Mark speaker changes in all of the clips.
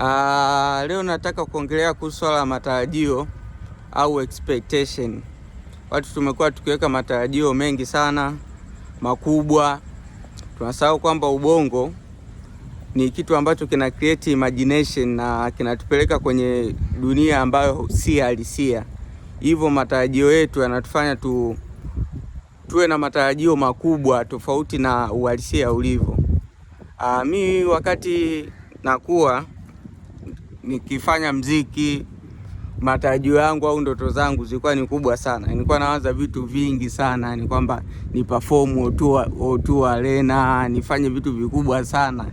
Speaker 1: Aa, ah, leo nataka kuongelea kuhusu swala la matarajio au expectation. Watu tumekuwa tukiweka matarajio mengi sana makubwa, tunasahau kwamba ubongo ni kitu ambacho kina create imagination na kinatupeleka kwenye dunia ambayo si halisia. Hivyo matarajio yetu yanatufanya tu tuwe na matarajio makubwa tofauti na uhalisia ulivyo. Ah, mi wakati nakuwa nikifanya mziki matarajio yangu au ndoto zangu zilikuwa ni kubwa sana. Nilikuwa nawaza vitu vingi sana, ni kwamba ni perform O2 Arena, nifanye vitu vikubwa sana,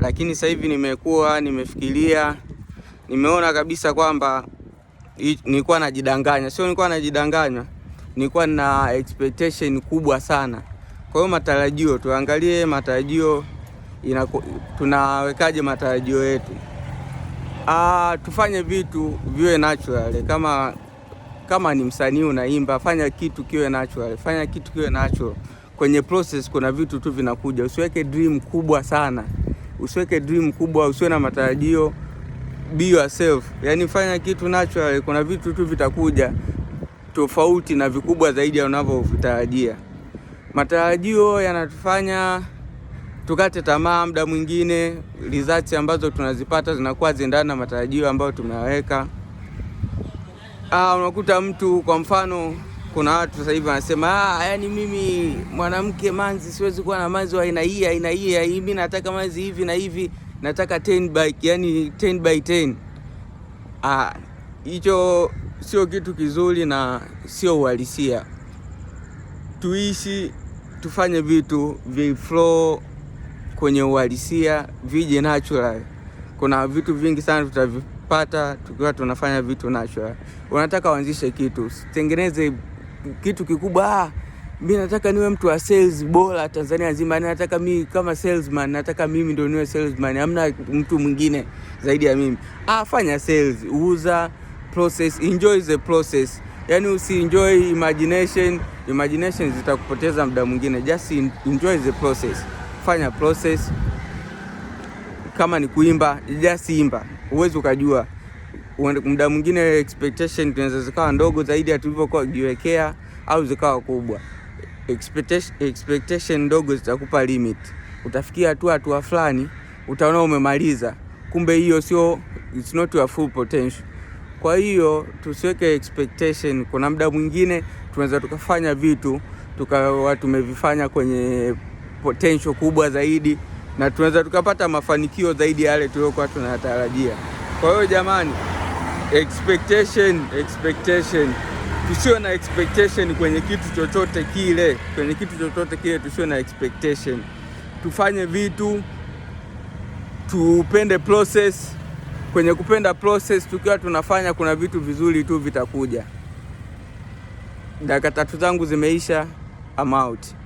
Speaker 1: lakini sasa hivi nimekuwa nimefikiria, nimeona kabisa kwamba nilikuwa najidanganya. Sio nilikuwa najidanganya, nilikuwa na expectation kubwa sana. Kwa hiyo matarajio, tuangalie matarajio, tunawekaje matarajio yetu. Ah, tufanye vitu viwe natural. Kama kama ni msanii unaimba, fanya kitu kiwe natural, fanya kitu kiwe natural. Kwenye process kuna vitu tu vinakuja, usiweke dream kubwa sana, usiweke dream kubwa, usiwe na matarajio, be yourself. Yani fanya kitu natural, kuna vitu tu vitakuja tofauti na vikubwa zaidi ya unavyovitarajia. Matarajio yanatufanya tukate tamaa muda mwingine, results ambazo tunazipata zinakuwa zinaendana na matarajio ambayo tumeweka. Ah, unakuta mtu kwa mfano, kuna watu sasa hivi wanasema ah, yani mimi mwanamke manzi siwezi kuwa na manzi wa aina hii aina hii hii, mimi nataka manzi hivi na hivi, nataka 10 by yani 10 by 10. Ah, hicho sio kitu kizuri na sio uhalisia. Tuishi, tufanye vitu vi flow kwenye uhalisia vije natural. Kuna vitu vingi sana tutavipata tukiwa tunafanya vitu natural. Unataka uanzishe kitu, tengeneze kitu kikubwa. Ah, mimi nataka niwe mtu wa sales bora Tanzania nzima, nataka mimi kama salesman, nataka mimi ndio niwe salesman, hamna mtu mwingine zaidi ya mimi. Ah, fanya sales, uza process, enjoy the process. Yani usi enjoy imagination, imagination zitakupoteza muda mwingine, just enjoy the process kufanya process. Kama ni kuimba, just imba, huwezi ukajua. Muda mwingine expectation tunaweza zikawa ndogo zaidi ya tulivyokuwa kujiwekea au zikawa kubwa. Expectation, expectation ndogo zitakupa limit. Utafikia tu hatua fulani, utaona umemaliza, kumbe hiyo sio, it's not your full potential. Kwa hiyo tusiweke expectation. Kuna muda mwingine tunaweza tukafanya vitu tukawa tumevifanya kwenye potential kubwa zaidi na tunaweza tukapata mafanikio zaidi yale tuliyokuwa tunatarajia. Kwa hiyo jamani, expectation, expectation. Tusiwe na expectation kwenye kitu chochote kile, kwenye kitu chochote kile tusiwe na expectation. Tufanye vitu, tupende process. Kwenye kupenda process, tukiwa tunafanya, kuna vitu vizuri tu vitakuja. Dakika tatu zangu zimeisha. I'm out.